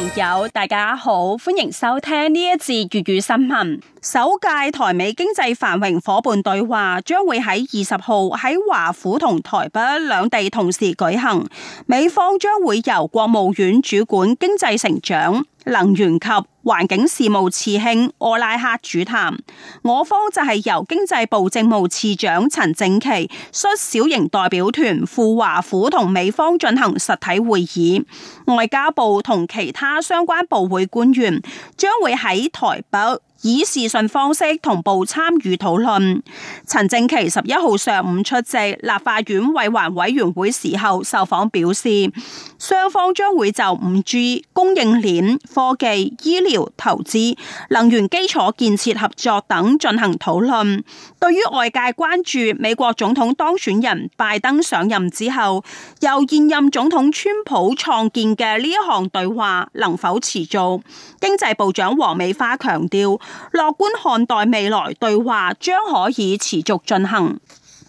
朋友，大家好，歡迎收聽呢一節粵語新聞。首屆台美經濟繁榮夥伴對話將會喺二十號喺華府同台北兩地同時舉行，美方將會由國務院主管經濟成長、能源及。環境事務次卿柯拉克主談，我方就係由經濟部政務次長陳正奇率小型代表團赴華府同美方進行實體會議，外交部同其他相關部會官員將會喺台北以視訊方式同步參與討論。陳正奇十一號上午出席立法院衛環委,委員會時候受訪表示，雙方將會就五 G 供應鏈、科技、醫投資、能源基礎建設合作等進行討論。對於外界關注美國總統當選人拜登上任之後，由現任總統川普創建嘅呢一項對話能否持續？經濟部長王美花強調樂觀看待未來對話，將可以持續進行。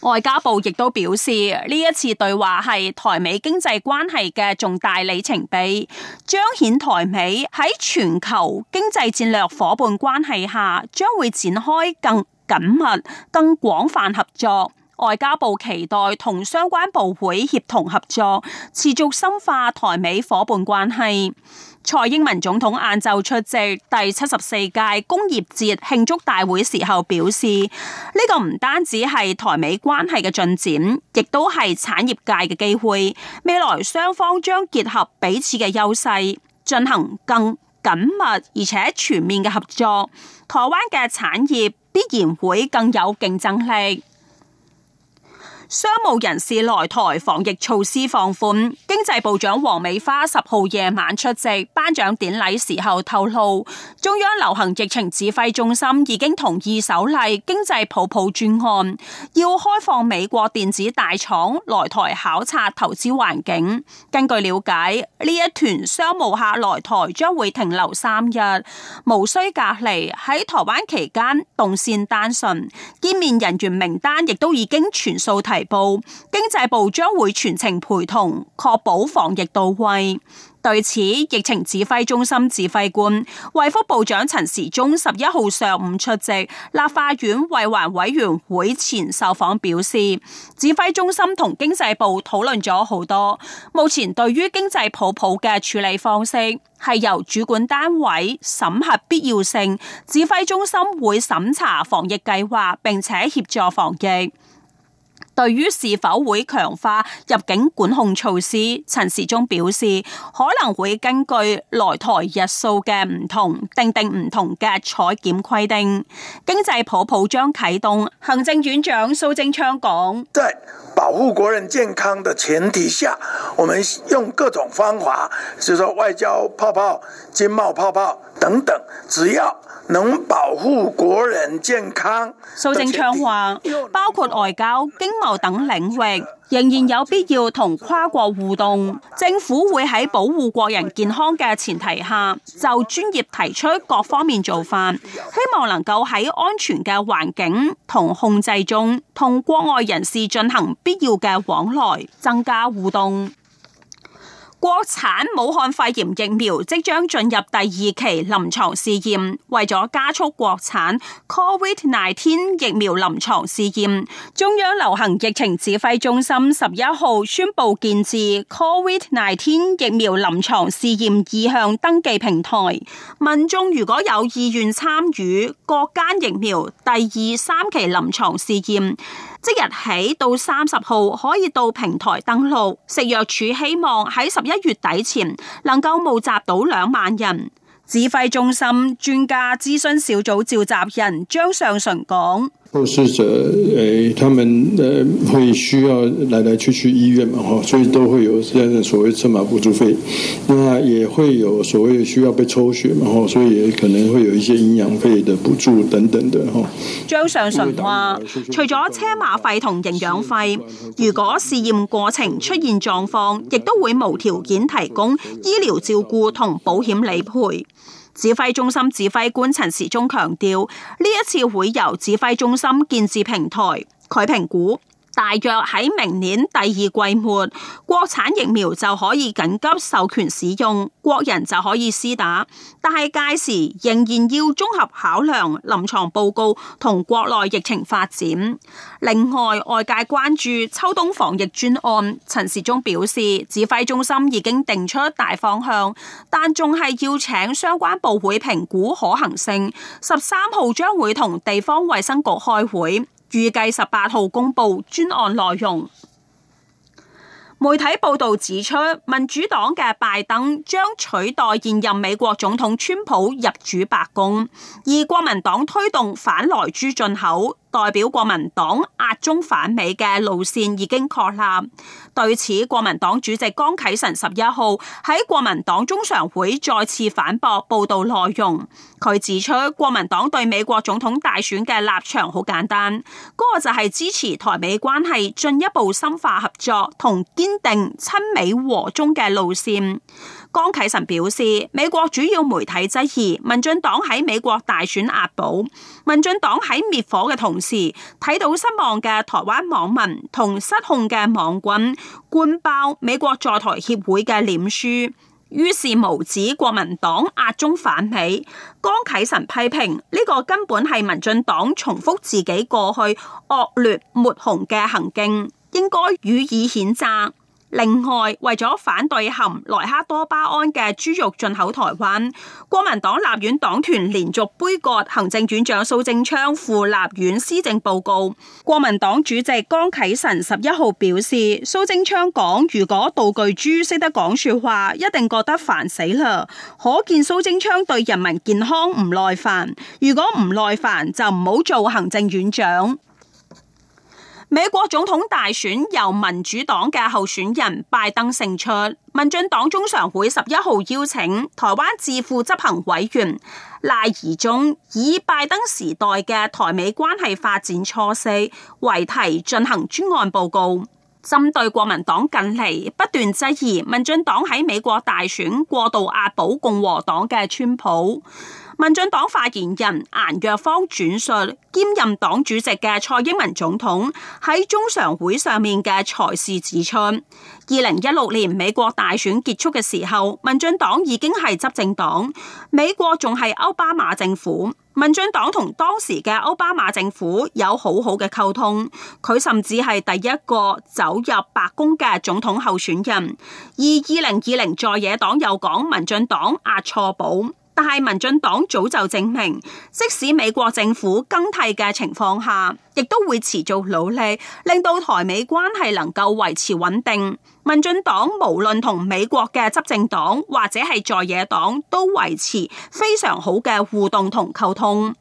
外交部亦都表示，呢一次對話係台美經濟關係嘅重大里程碑，彰顯台美喺全球經濟戰略夥伴關係下，將會展開更緊密、更廣泛合作。外交部期待同相關部會協同合作，持續深化台美夥伴關係。蔡英文總統晏晝出席第七十四屆工業節慶祝大會時候表示：呢個唔單止係台美關係嘅進展，亦都係產業界嘅機會。未來雙方將結合彼此嘅優勢，進行更緊密而且全面嘅合作，台灣嘅產業必然會更有競爭力。商務人士來台防疫措施放寬，經濟部長王美花十號夜晚出席頒獎典禮時候透露，中央流行疫情指揮中心已經同意首例經濟泡泡專案，要開放美國電子大廠來台考察投資環境。根據了解，呢一團商務客來台將會停留三日，無需隔離。喺台灣期間，動線單純，見面人員名單亦都已經全數提報經濟部將會全程陪同，確保防疫到位。對此，疫情指揮中心指揮官、衛福部長陳時中十一號上午出席立法院衛環委員會前受訪表示，指揮中心同經濟部討論咗好多，目前對於經濟泡泡嘅處理方式係由主管單位審核必要性，指揮中心會審查防疫計劃，並且協助防疫。對於是否會強化入境管控措施，陳時中表示可能會根據來台日數嘅唔同，定定唔同嘅採檢規定。經濟泡泡將啟動，行政院長蘇貞昌講：在保護國人健康的前提下，我們用各種方法，就是說外交泡泡、經貿泡泡。等等，只要能保護國人健康，蘇貞昌話，包括外交、經貿等領域，仍然有必要同跨國互動。政府會喺保護國人健康嘅前提下，就專業提出各方面做法，希望能夠喺安全嘅環境同控制中，同國外人士進行必要嘅往來，增加互動。國產武漢肺炎疫苗即將進入第二期臨床試驗，為咗加速國產 COVID-19 疫苗臨床試驗，中央流行疫情指揮中心十一號宣布建置 COVID-19 疫苗臨床試驗意向登記平台，民眾如果有意願參與國間疫苗第二、三期臨床試驗。.即日起到三十號，可以到平台登錄。食藥署希望喺十一月底前能夠募集到兩萬人。指揮中心專家諮詢小組召集人張上淳講。受試者，誒，他們，誒，會需要來來去去醫院嘛，所以都會有這樣的所謂車馬補助費，那也會有所謂需要被抽血嘛，嗬，所以可能會有一些營養費的補助等等的，嗬。張上淳話，除咗車馬費同營養費，如果試驗過程出現狀況，亦都會無條件提供醫療照顧同保險理賠。指揮中心指揮官陳時中強調，呢一次會由指揮中心建設平台，佢評估。大約喺明年第二季末，國產疫苗就可以緊急授權使用，國人就可以施打。但係屆時仍然要綜合考量臨床報告同國內疫情發展。另外，外界關注秋冬防疫專案，陳時中表示，指揮中心已經定出大方向，但仲係要請相關部會評估可行性。十三號將會同地方衛生局開會。預計十八號公佈專案內容。媒體報導指出，民主黨嘅拜登將取代現任美國總統川普入主白宮，而國民黨推動反萊豬進口，代表國民黨押中反美嘅路線已經確立。對此，國民黨主席江啟臣十一號喺國民黨中常會再次反駁報道內容。佢指出，國民黨對美國總統大選嘅立場好簡單，嗰、那個就係支持台美關係進一步深化合作同堅定親美和中嘅路線。江啟臣表示，美國主要媒體質疑民進黨喺美國大選押寶，民進黨喺滅火嘅同時，睇到失望嘅台灣網民同失控嘅網棍灌爆美國在台協會嘅臉書，於是無止國民黨壓中反美。江啟臣批評呢、這個根本係民進黨重複自己過去惡劣抹紅嘅行徑，應該予以譴責。另外，為咗反對含萊克多巴胺嘅豬肉進口台灣，國民黨立院黨團連續杯葛行政院長蘇貞昌赴立院施政報告。國民黨主席江啟臣十一號表示，蘇貞昌講，如果道具豬識得講說話，一定覺得煩死啦。可見蘇貞昌對人民健康唔耐煩。如果唔耐煩，就唔好做行政院長。美國總統大選由民主黨嘅候選人拜登勝出，民進黨中常會十一號邀請台灣智庫執行委員賴宜中，以拜登時代嘅台美關係發展措施為題進行專案報告。針對國民黨近嚟不斷質疑民進黨喺美國大選過度押寶共和黨嘅川普，民進黨發言人顏若芳轉述兼任黨主席嘅蔡英文總統喺中常會上面嘅裁示指出：二零一六年美國大選結束嘅時候，民進黨已經係執政黨，美國仲係歐巴馬政府。民進黨同當時嘅歐巴馬政府有好好嘅溝通，佢甚至係第一個走入白宮嘅總統候選人。而二零二零在野黨又講民進黨押錯寶。」但係民進黨早就證明，即使美國政府更替嘅情況下，亦都會持續努力，令到台美關係能夠維持穩定。民進黨無論同美國嘅執政黨或者係在野黨，都維持非常好嘅互動同溝通。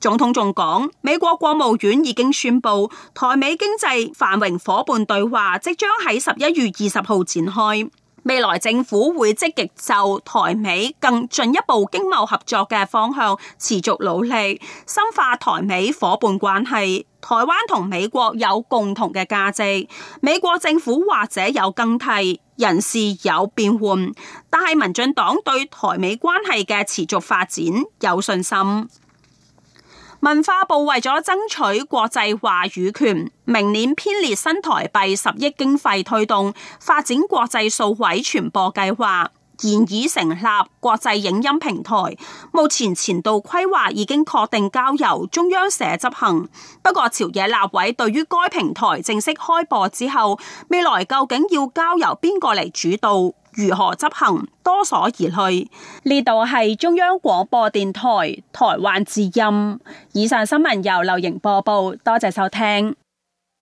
總統仲講，美國國務院已經宣布，台美經濟繁榮夥伴對話即將喺十一月二十號展開。未來政府會積極就台美更進一步經貿合作嘅方向持續努力，深化台美伙伴關係。台灣同美國有共同嘅價值，美國政府或者有更替，人事有變換，但係民進黨對台美關係嘅持續發展有信心。文化部為咗爭取國際話語權，明年編列新台幣十億經費推動發展國際數位傳播計劃。現已成立國際影音平台，目前前度規劃已經確定交由中央社執行。不過，朝野立委對於該平台正式開播之後，未來究竟要交由邊個嚟主導，如何執行，多所疑慮。呢度係中央廣播電台台灣之音。以上新聞由劉瑩播報，多謝收聽。